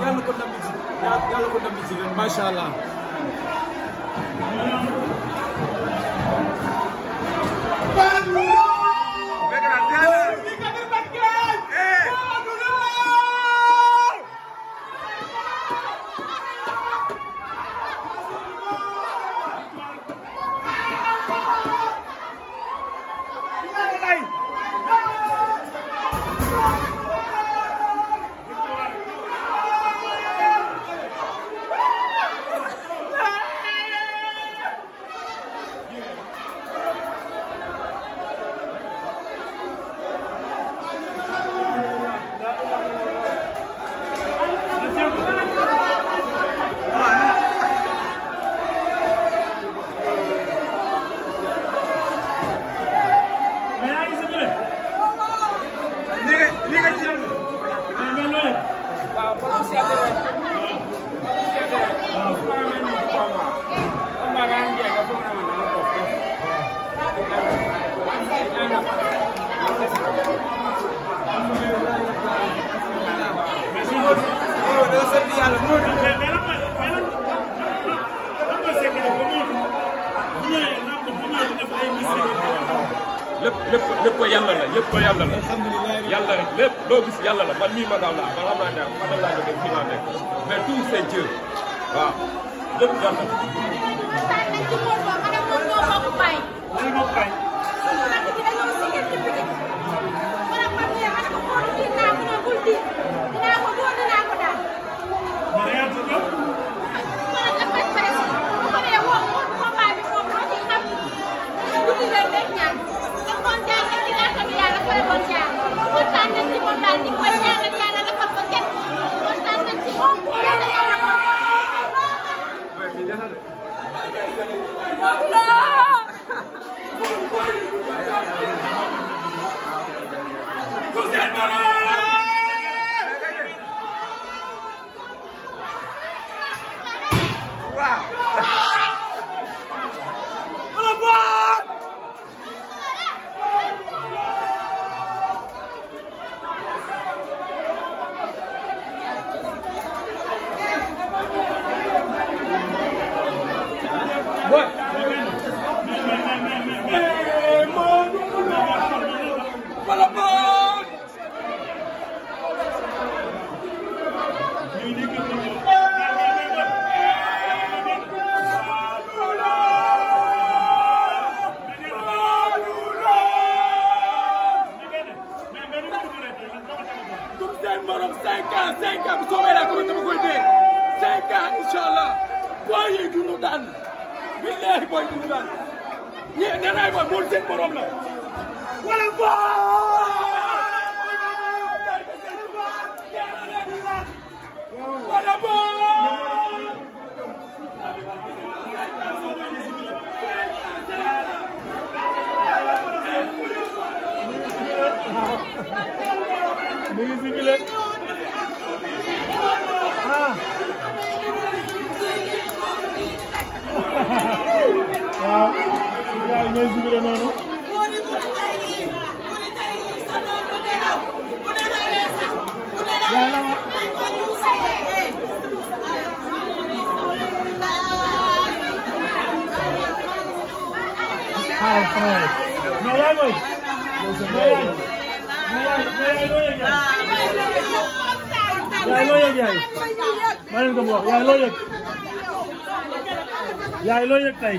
yàlla na ko ndam bi ci yàlla na ko ndam bi ci ren macha allah. Bye. lépp lépp lépp ko yàlla la lépp ko yàlla la yàlla rek lépp loo gis la man mii ma daaw laa man am naa daaw man laa dëgg fii laa nekk mais tout c'est Dieu waaw lépp yàlla Who's that? ñee nee naa mooy moom seen borom la wala boor wala boor mu ngi sigile ah waaw yi ñooy jubile noonu. yaay loo yëg yaay ma leen ko wax yaay loo yëg yaay loo yëg tey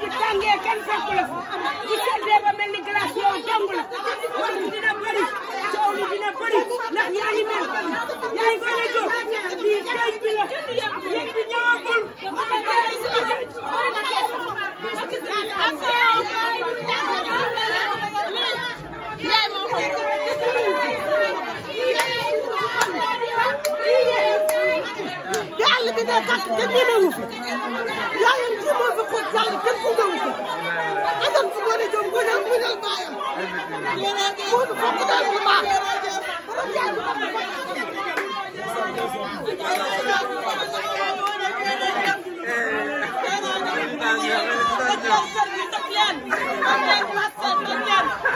bu tàngee kenn fekku la bu seddee ba mel ni glace yow jàngu la wax bi dina bëri coow li dina bëri ndax yaa ngi mel yaa ngi bañ a jóg lii géej bi la géej bi ñëwagul yàlla bi day tax te dina wu fi yàlla moo fi xool jàll kenn ku ndaw ko. adam su gone jom gone am gënal baayam. moo fi xool daal lu baax. Thank you.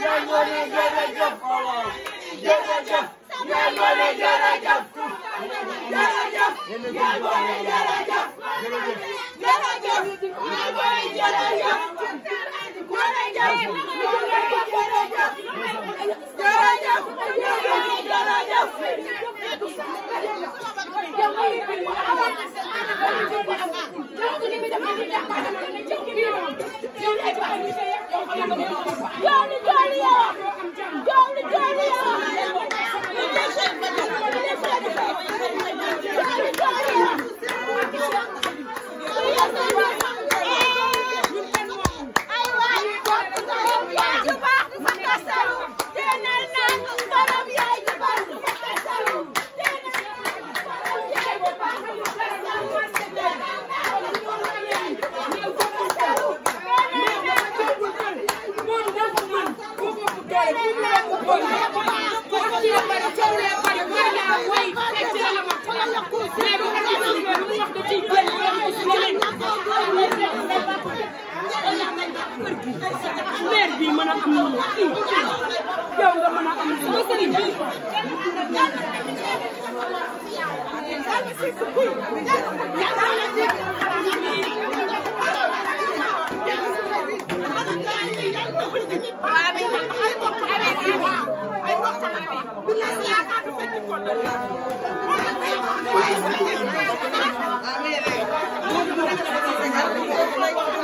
ñooñu jërëjëf waaw jërëjëf ñooñu jërëjëf jërëjëf ñooñu jërëjëf jërëjëf ñooñu jërëjëf bii mën a am noonu kii yow nga mën a am noonu sëriñ bi Thank you.